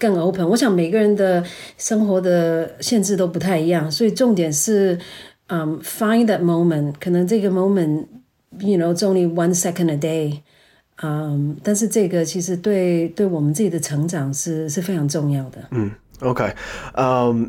更 open，我想每個人的生活的限制都不太一樣，所以重點是，嗯，find that moment，可能這個 moment，you know，only one second a day，嗯，但是這個其實對對我們自己的成長是是非常重要的。嗯，OK，嗯。